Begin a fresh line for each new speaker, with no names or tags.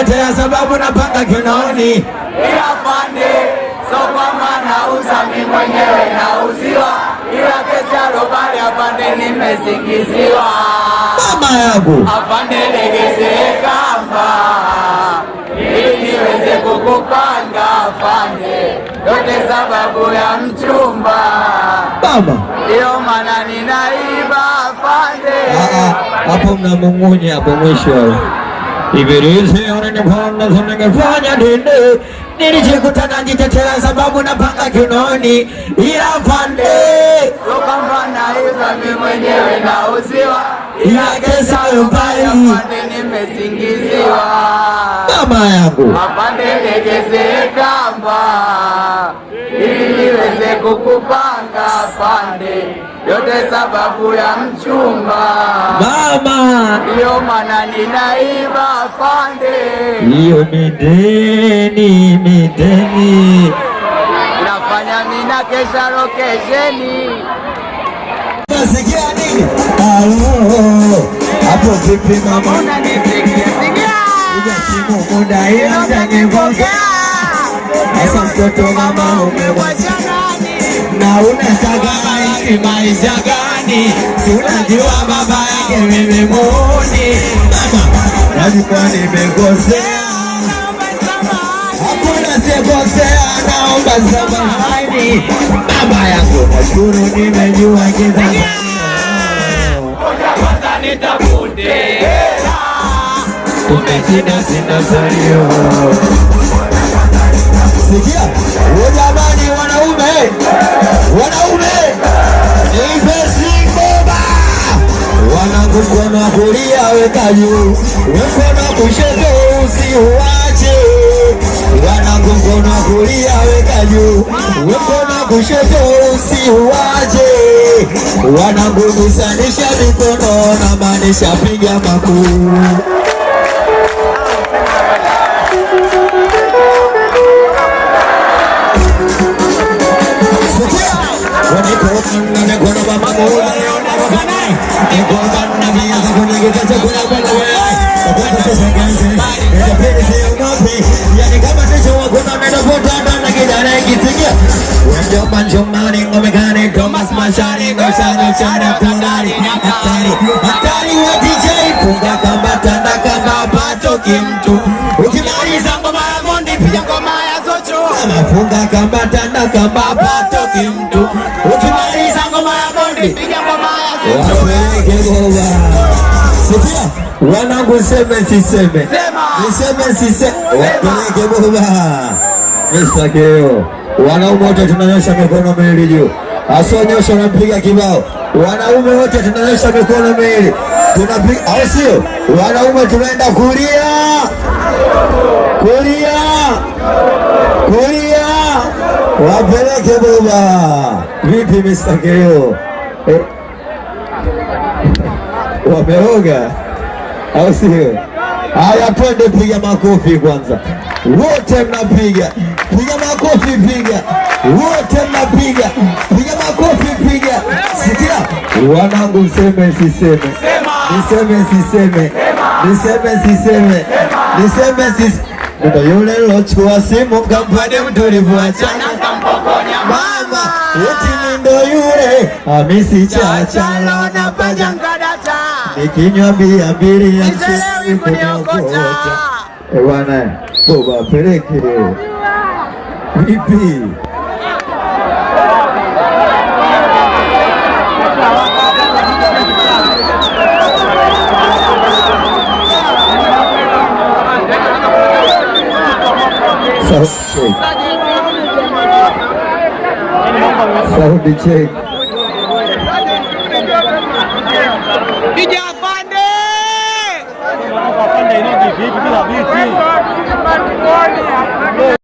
Naletea sababu napanga kinoni
afande, so kwamba nauza mi mwenyewe nauziwa, ila kesi ya robali afande, nimesingiziwa
baba yangu
afande, legezee kamba ili niweze kukupanga afande, yote sababu ya mchumba baba, iyo mana ninaiba afande.
Ah, ah, hapo mnamung'unya hapo mwisho Ibilisi ulinipanda umenifanya nini? Nilijikuta najitetea sababu napanga kinoni, ila pande soka mbana mwenyewe nauziwa, ila kesa yumbali
nimesingiziwa,
mama yangu
mapande legeze kamba ili niweze kukupanga pande yote sababu ya mchumba
baba,
ndiyo maana ninaiba fande,
iyo mideni mideni
nafanya mina kesha lokesheni
nasikia nini? Hapo vipi mama, sasa mtoto mama umewachana na unataka maisha gani, si baba yake mimi muuni najua yaani nimekosea, hakuna sikosea naomba samahani baba yangu, nashukuru nimejua kiza umeshinda sikia wawekaji wema kushoto usiuache, wanangu mkono kulia weka juu, mkono wa kushoto usiuache, wanangu gusanisha mikono na maanisha piga makuu Ukimaliza ngoma ya Mondi, piga ngoma ya Zocho, funga kamba tanda kamba patoki mtu Wanangu, seme siseme, niseme siseme, wapeleke baba Wanaume wote tunanyosha mikono miwili juu, asionyosha unapiga kibao. Wanaume wote tunanyosha mikono miwili, tunapiga au sio? Wanaume tunaenda kulia, kulia, kulia, wapeleke baba. Vipi Mr. Keo? Eh, Wameoga au sio? Haya, twende, piga makofi kwanza, wote mnapiga, piga makofi, piga wote mnapiga, piga makofi, piga. Sikia wanangu, mseme siseme, niseme siseme, niseme siseme, niseme siseme. Ndio yule lochukua simu kampade mtulivu,
achana kampoko
Amesicha chala na pajanga data. Nikinywa bia abiria
mchelewi kuniokota.
Eh, bwana, boba peleke. Vipi? Sauti check. Sauti check.